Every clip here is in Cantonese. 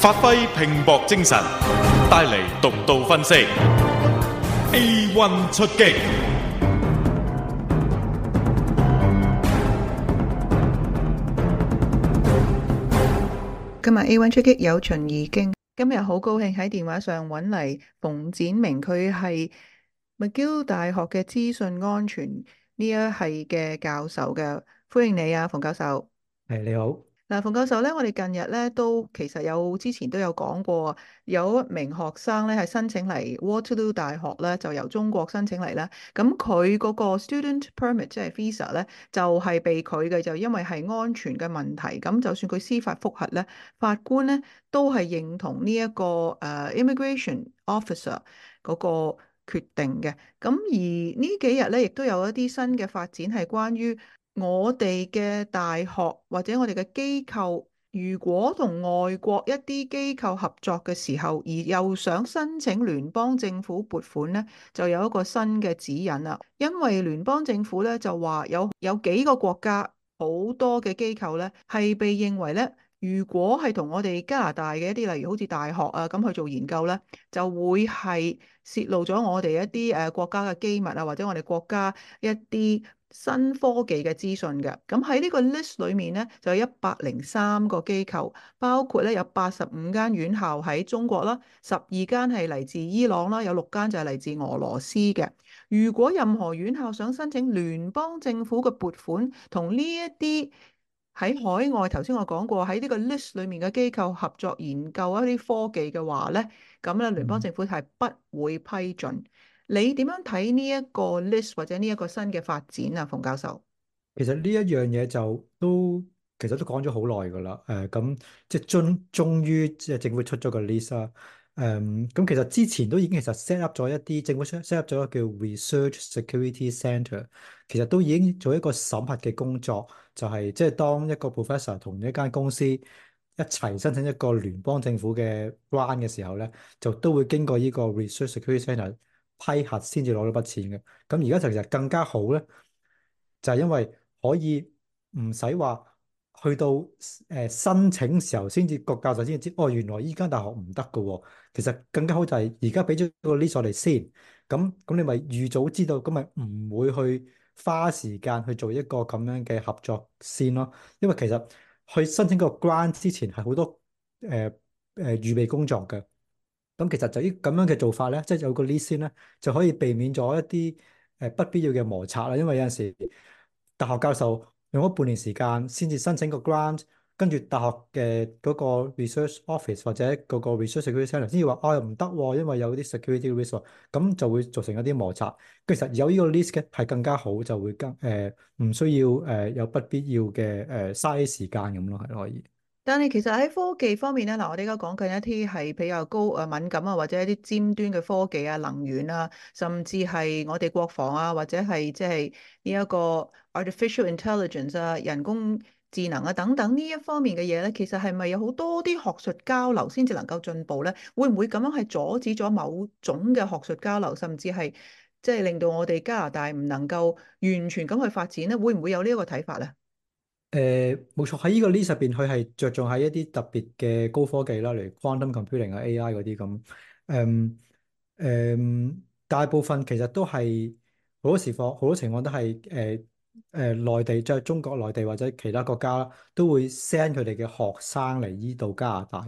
發揮拼搏精神，帶嚟獨到分析。A one 出擊，今日 A one 出擊有群已經。今日好高興喺電話上揾嚟，馮展明佢係 McGill 大學嘅資訊安全呢一系嘅教授嘅，歡迎你啊，馮教授。誒，你好。嗱，馮教授咧，我哋近日咧都其實有之前都有講過，有一名學生咧係申請嚟 Waterloo 大學咧，就由中國申請嚟咧。咁佢嗰個 student permit 即係 Visa 咧，就係、是、被拒嘅，就因為係安全嘅問題。咁就算佢司法覆核咧，法官咧都係認同呢、這、一個誒、uh, immigration officer 嗰個決定嘅。咁而呢幾日咧，亦都有一啲新嘅發展係關於。我哋嘅大學或者我哋嘅機構，如果同外國一啲機構合作嘅時候，而又想申請聯邦政府撥款呢，就有一個新嘅指引啦。因為聯邦政府呢，就話有有幾個國家好多嘅機構呢，係被認為呢，如果係同我哋加拿大嘅一啲，例如好似大學啊咁去做研究呢，就會係洩露咗我哋一啲誒國家嘅機密啊，或者我哋國家一啲。新科技嘅資訊嘅，咁喺呢個 list 裏面咧，就有一百零三個機構，包括咧有八十五間院校喺中國啦，十二間係嚟自伊朗啦，有六間就係嚟自俄羅斯嘅。如果任何院校想申請聯邦政府嘅撥款，同呢一啲喺海外，頭先我講過喺呢個 list 裏面嘅機構合作研究一啲科技嘅話咧，咁咧聯邦政府係不會批准。你點樣睇呢一個 list 或者呢一個新嘅發展啊，馮教授？其實呢一樣嘢就都其實都講咗好耐㗎啦。誒、呃，咁即係終終於即係政府出咗個 list 啊、呃。誒，咁其實之前都已經其實 set up 咗一啲政府 set set up 咗叫 research security center，其實都已經做一個審核嘅工作，就係、是、即係當一個 professor 同一間公司一齊申請一個聯邦政府嘅 grant 嘅時候咧，就都會經過呢個 research security center 批核先至攞到筆錢嘅，咁而家就其實更加好咧，就係、是、因為可以唔使話去到誒申請時候先至，各教授先至知哦，原來依間大學唔得嘅。其實更加好就係而家俾咗個 list 嚟先，咁咁你咪預早知道，咁咪唔會去花時間去做一個咁樣嘅合作先咯。因為其實去申請個 grant 之前係好多誒誒、呃呃、預備工作嘅。咁其實就依咁樣嘅做法咧，即係有個 list 先咧，就可以避免咗一啲誒不必要嘅摩擦啦。因為有陣時大學教授用咗半年時間先至申請個 grant，跟住大學嘅嗰個 research office 或者嗰個 research security council 先至話哦又唔得喎，因為有啲 security risk，咁就會造成一啲摩擦。其實有呢個 list 嘅係更加好，就會更，誒、呃、唔需要誒、呃、有不必要嘅誒嘥時間咁咯，係可以。但係其實喺科技方面咧，嗱我哋而家講緊一啲係比較高誒敏感啊，或者一啲尖端嘅科技啊、能源啊，甚至係我哋國防啊，或者係即係呢一個 artificial intelligence 啊、人工智能啊等等呢一方面嘅嘢咧，其實係咪有好多啲學術交流先至能夠進步咧？會唔會咁樣係阻止咗某種嘅學術交流，甚至係即係令到我哋加拿大唔能夠完全咁去發展咧？會唔會有呢一個睇法咧？誒，冇錯喺呢個 list 入邊，佢係着重喺一啲特別嘅高科技啦，例如 quantum computing 啊、AI 嗰啲咁。誒、嗯，誒、嗯，大部分其實都係好多時況，好多情況都係誒，誒、呃，內、呃、地即係中國內地或者其他國家都會 send 佢哋嘅學生嚟呢度加拿大，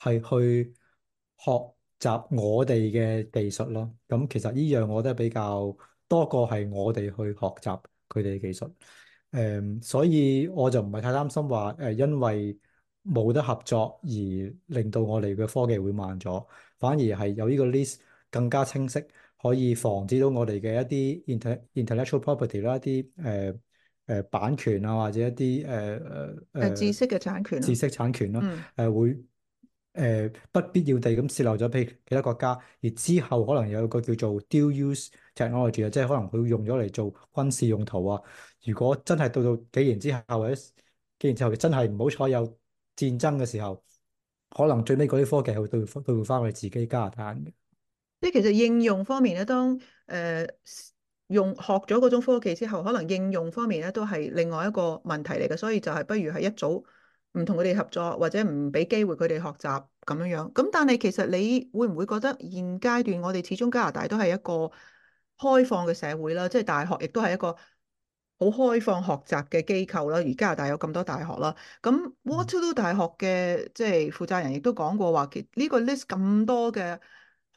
係去學習我哋嘅技術咯。咁、嗯、其實呢樣我覺得比較多過係我哋去學習佢哋嘅技術。誒，um, 所以我就唔係太擔心話，誒、呃，因為冇得合作而令到我哋嘅科技會慢咗，反而係有呢個 list 更加清晰，可以防止到我哋嘅一啲 intellectual property 啦，嗯、一啲誒誒版權啊，或者一啲誒誒誒知識嘅產權，知識產權啦，誒、呃、會。誒、呃、不必要地咁泄漏咗俾其他國家，而之後可能有個叫做 Dual Use Technology 啊，即係可能佢會用咗嚟做軍事用途啊。如果真係到到幾年之後，或者幾年之後真係唔好彩有戰爭嘅時候，可能最尾嗰啲科技佢都會返，都會翻去自己加拿大嘅。即其實應用方面咧，當誒、呃、用學咗嗰種科技之後，可能應用方面咧都係另外一個問題嚟嘅，所以就係不如係一早。唔同佢哋合作，或者唔俾機會佢哋學習咁樣樣。咁但係其實你會唔會覺得現階段我哋始終加拿大都係一個開放嘅社會啦，即係大學亦都係一個好開放學習嘅機構啦。而加拿大有咁多大學啦，咁 Waterloo 大學嘅即係負責人亦都講過話，其呢個 list 咁多嘅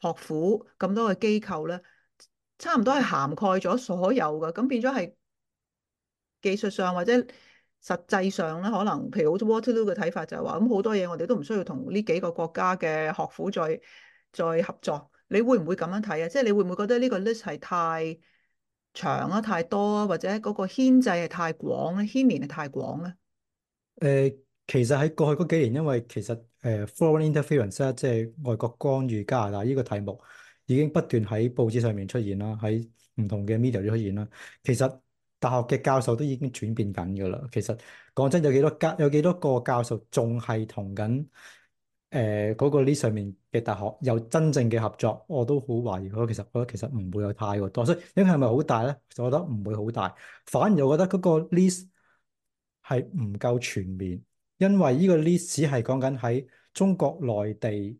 學府咁多嘅機構咧，差唔多係涵蓋咗所有嘅。咁變咗係技術上或者。實際上咧，可能譬如好似 Waterloo 嘅睇法就係話，咁、嗯、好多嘢我哋都唔需要同呢幾個國家嘅學府再再合作。你會唔會咁樣睇啊？即係你會唔會覺得呢個 list 係太長啊、太多啊，或者嗰個牽制係太廣咧、啊、牽連係太廣咧、啊？誒、呃，其實喺過去嗰幾年，因為其實誒、呃、foreign interference 即係外國干預加拿大呢個題目已經不斷喺報紙上面出現啦，喺唔同嘅 media 出現啦。其實大學嘅教授都已經轉變緊噶啦，其實講真，有幾多教有幾多個教授仲係同緊誒嗰個 list 上面嘅大學有真正嘅合作，我都好懷疑咯。其實我覺得其實唔會有太過多，所以影響係咪好大咧？我覺得唔會好大，反而我覺得嗰個 list 係唔夠全面，因為呢個 list 只係講緊喺中國內地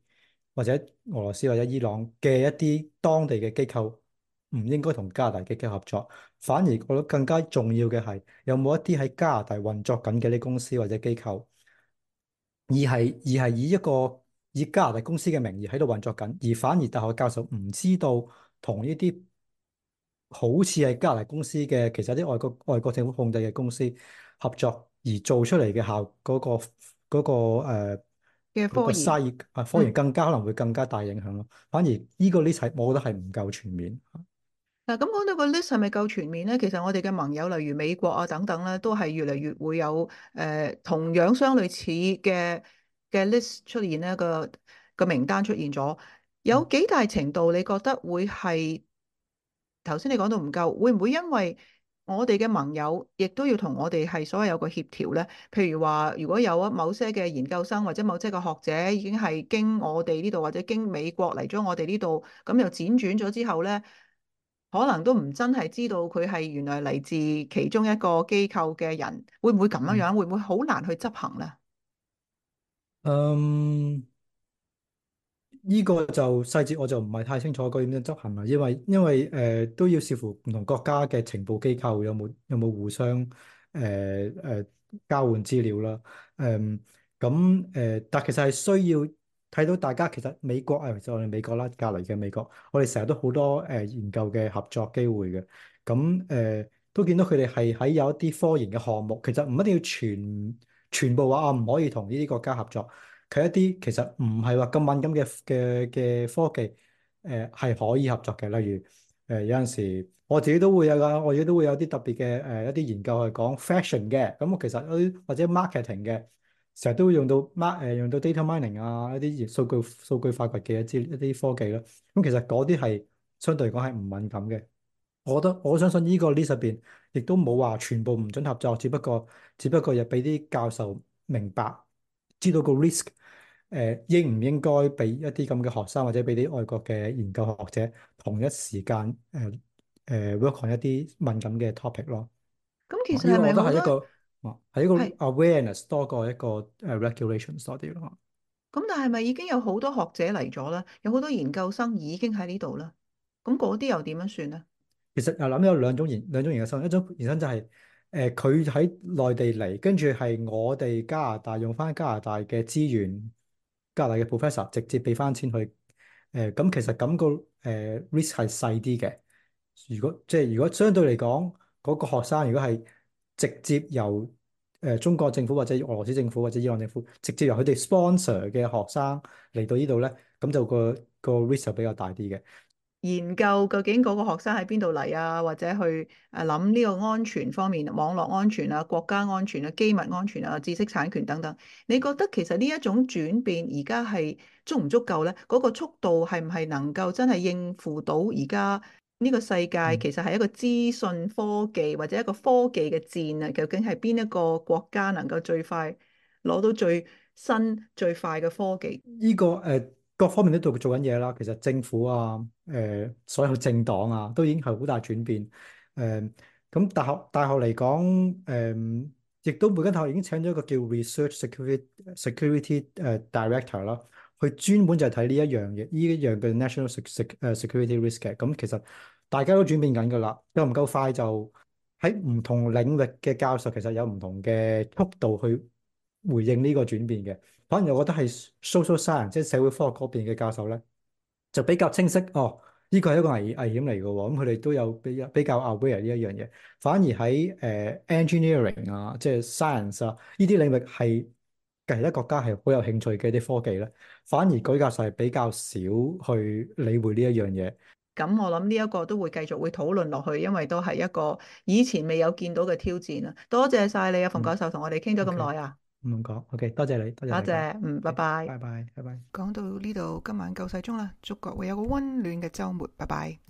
或者俄羅斯或者伊朗嘅一啲當地嘅機構唔應該同加拿大嘅合作。反而我覺得更加重要嘅係有冇一啲喺加拿大運作緊嘅啲公司或者機構，而係而係以一個以加拿大公司嘅名義喺度運作緊，而反而大學教授唔知道同呢啲好似係加拿大公司嘅，其實啲外國外國政府控制嘅公司合作而做出嚟嘅效嗰個嗰、嗰個誒嘅、嗰個、科研啊，科研更加可能會更加大影響咯。嗯、反而呢個呢啲我覺得係唔夠全面。嗱，咁講到個 list 係咪夠全面咧？其實我哋嘅盟友，例如美國啊等等咧，都係越嚟越會有誒、呃、同樣相類似嘅嘅 list 出現咧，個個名單出現咗，有幾大程度你覺得會係頭先你講到唔夠，會唔會因為我哋嘅盟友亦都要同我哋係所謂有個協調咧？譬如話，如果有啊某些嘅研究生或者某些嘅學者已經係經我哋呢度或者經美國嚟咗我哋呢度，咁又輾轉咗之後咧？可能都唔真係知道佢係原來嚟自其中一個機構嘅人，會唔會咁樣樣？嗯、會唔會好難去執行咧？嗯，呢、這個就細節我就唔係太清楚應該點樣執行啦，因為因為誒、呃、都要視乎唔同國家嘅情報機構有冇有冇互相誒誒、呃呃、交換資料啦。嗯、呃，咁誒、呃，但其實係需要。睇到大家其實美國啊，其實我哋美國啦，隔籬嘅美國，我哋成日都好多誒、呃、研究嘅合作機會嘅。咁誒、呃、都見到佢哋係喺有一啲科研嘅項目，其實唔一定要全全部話啊，唔可以同呢啲國家合作。佢一啲其實唔係話咁敏感嘅嘅嘅科技，誒、呃、係可以合作嘅。例如誒、呃、有陣時我自己都會有噶，我自己都會有啲特別嘅誒一啲研究係講 fashion 嘅，咁其實或者 marketing 嘅。成日都會用到 mark，誒用到 data mining 啊，一啲數據數據發掘嘅一啲一啲科技啦。咁其實嗰啲係相對嚟講係唔敏感嘅。我覺得我相信呢個 list 入邊，亦都冇話全部唔准合作，只不過只不過又俾啲教授明白，知道個 risk，誒、呃、應唔應該俾一啲咁嘅學生或者俾啲外國嘅研究學者同一時間誒誒、呃呃、work on 一啲敏感嘅 topic 咯。咁其實係我覺得。哦，係一個 awareness 多過一個誒 regulations 多啲咯。咁但係咪已經有好多學者嚟咗咧？有好多研究生已經喺呢度啦。咁嗰啲又點樣算咧？其實我諗有兩種研，兩種研究生，一種研究生就係誒佢喺內地嚟，跟住係我哋加拿大用翻加拿大嘅資源，加拿大嘅 professor 直接俾翻錢去誒。咁、呃、其實咁、那個誒 risk 係細啲嘅。如果即係如果相對嚟講，嗰、嗰個學生如果係。直接由誒、呃、中國政府或者俄羅斯政府或者伊朗政府直接由佢哋 sponsor 嘅學生嚟到呢度咧，咁就個個 risk 比較大啲嘅。研究究竟嗰個學生喺邊度嚟啊，或者去誒諗呢個安全方面、網絡安全啊、國家安全啊、機密安全啊、知識產權等等。你覺得其實呢一種轉變而家係足唔足夠咧？嗰、嗰個速度係唔係能夠真係應付到而家？呢個世界其實係一個資訊科技或者一個科技嘅戰啊！究竟係邊一個國家能夠最快攞到最新最快嘅科技？呢、這個誒、呃、各方面都做做緊嘢啦。其實政府啊、誒、呃、所有政黨啊，都已經係好大轉變。誒、呃、咁大學大學嚟講，誒、呃、亦都每間大學已經請咗一個叫 Research Security Security 誒 Director 啦，佢專門就係睇呢一樣嘢，呢一樣嘅 National Security Risk 嘅。咁、嗯、其實大家都轉變緊㗎啦，又唔夠快就喺唔同領域嘅教授其實有唔同嘅速度去回應呢個轉變嘅。反而我覺得係 social science，即係社會科學嗰邊嘅教授咧，就比較清晰哦。呢個係一個危危險嚟嘅喎，咁佢哋都有比比較 aware 呢一樣嘢。反而喺誒、呃、engineering 啊，即係 science 啊，呢啲領域係其他國家係好有興趣嘅啲科技咧，反而舉教授係比較少去理會呢一樣嘢。咁我諗呢一個都會繼續會討論落去，因為都係一個以前未有見到嘅挑戰啦。多謝晒你啊，馮教授，同、嗯、我哋傾咗咁耐啊，唔該 okay，OK，多謝你，多謝，嗯謝，多謝拜拜，拜拜，拜拜。講到呢度，今晚夠晒鐘啦，祝各位有個溫暖嘅周末，拜拜。